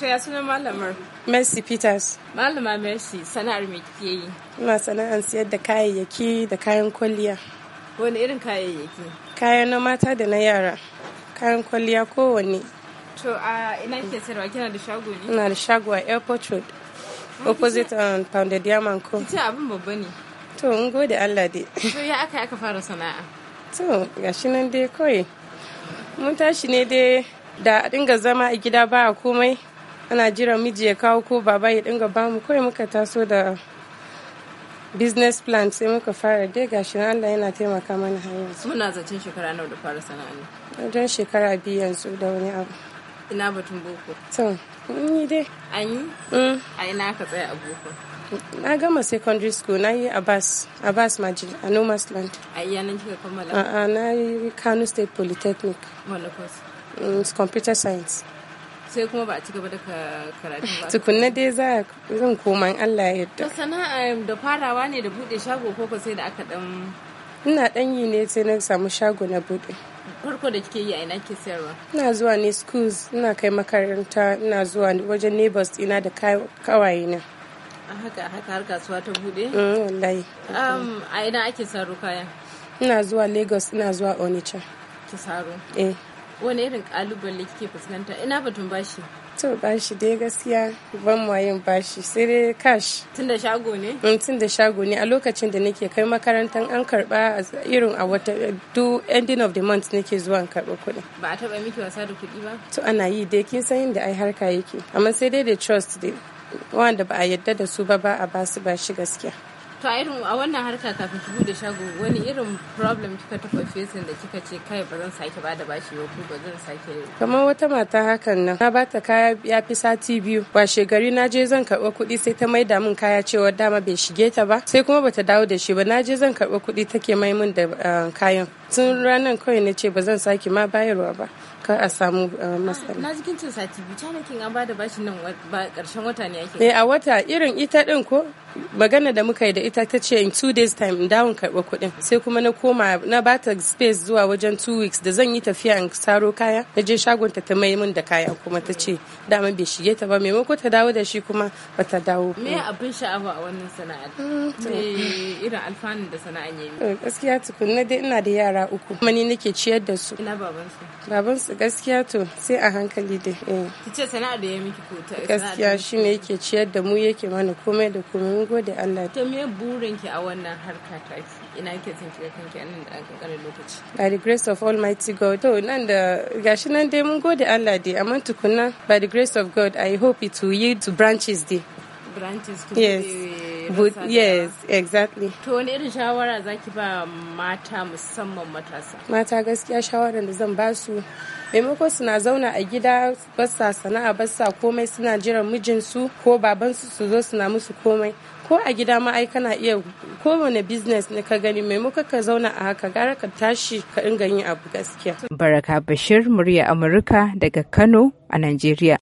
To ya suna malamar? Mercy Peters. Malama Mercy sana'ar me kike yi? Ina sana'ar siyar da kayayyaki da kayan kwalliya. Wani irin kayayyaki? Kayan na mata da na yara. Kayan kwalliya kowanne. To a ina ke sarwa kina da shago ne? Ina da shago a Airport Road. Mm-hmm. Opposite on Pounded Co. Ita abin babba ne. To in gode Allah dai. To ya aka aka fara sana'a? To gashi nan dai kawai. Mun tashi ne dai da a dinga zama a gida ba a komai ana jiran miji ya kawo ko baba ya dinga bamu kawai muka taso da business plan sai muka fara dai gashi na Allah yana taimaka mana har yanzu muna zancen shekara nawa da fara sana'a ne don shekara biyu yanzu da wani abu ina batun boko to mun yi dai an yi mm. a ina ka tsaya a boko na gama secondary school na yi abbas abbas majid a nomas land a iya nan kika kammala a na yi kano state polytechnic wanda course mm, computer science sai kuma ba a ci gaba da karatu ba tukunna dai za zan koma in Allah ya yarda to sana'a da farawa ne da bude shago ko ko sai da aka dan ina dan yi ne sai na samu shago na bude farko da kike yi a ina ke sayarwa ina zuwa ne schools ina kai makaranta ina zuwa wajen neighbors ina da kawaye na haka haka har kasuwa ta bude mm, wallahi um, a ina ake saro kaya ina zuwa lagos ina zuwa onitsha ki saro eh wani irin kalubale kike fuskanta ina batun bashi to bashi dai gaskiya ban ma yin bashi sai dai cash tun da shago ne mm, tun da shago ne a lokacin da nake kai makarantar an karba irin a wata do ending of the month nake zuwa an karba kuɗi ba a taba miki wasa da kuɗi ba to ana yi dai kin san yadda ai harka yake amma sai dai da trust dai wanda ba a yadda da su ba ba a basu bashi gaskiya to a irin a wannan harka kafin ki bude shago wani irin problem kika taba facing da kika ce kai ba zan sake bada bashi ba ko ba zan sake kamar wata mata hakan nan na bata kaya ya fi sati biyu ba shegari na je zan karɓa kuɗi sai ta maida min kaya cewa dama bai shige ta ba sai kuma bata dawo da shi ba na je zan karɓa kuɗi take mai min da eh, kayan tun ranar kawai na ce ba zan sake ma bayarwa ba kar a samu eh, matsala. Na jikin cin sati biyu, nake an ba da bashin nan ba ƙarshen wata ne ake. Eh a wata irin ita ɗin ko magana da muka yi da ita ta ce in two days time in dawon karɓa kuɗin sai kuma na koma na bata space zuwa wajen two weeks da zan yi tafiya in saro kaya na je shagon ta mai min da kaya kuma ta ce dama bai shige ta ba maimako ta dawo da shi kuma ba ta dawo. Me abin sha'awa a wannan sana'a? Mm, Me irin alfanun da ya yi Gaskiya na dai ina da yara uku kuma ni nake ciyar da su. Ina babansu. Babansu gaskiya to sai a hankali dai. Eh. Ki ce sana'a da ya miki ko ta Gaskiya shine yake ciyar da mu yake mana komai da komai. gode Allah to me burin ki a wannan harka ta ina ke son ki kanki a nan da an lokaci by the grace of almighty god to nan da gashi nan dai mun gode Allah dai amma tukunna by the grace of god i hope it will yield to branches dai branches to yes. yes exactly to wani irin shawara zaki ba mata musamman matasa mata gaskiya shawara da zan ba su maimako suna zauna a gida basa sana'a basa komai suna jiran mijinsu ko babansu su zo suna musu komai ko a gida ma ai kana iya kowane business ne ka gani maimako ka zauna a haka gara ka tashi ka dinga abu gaskiya baraka bashir murya amurka daga kano a najeriya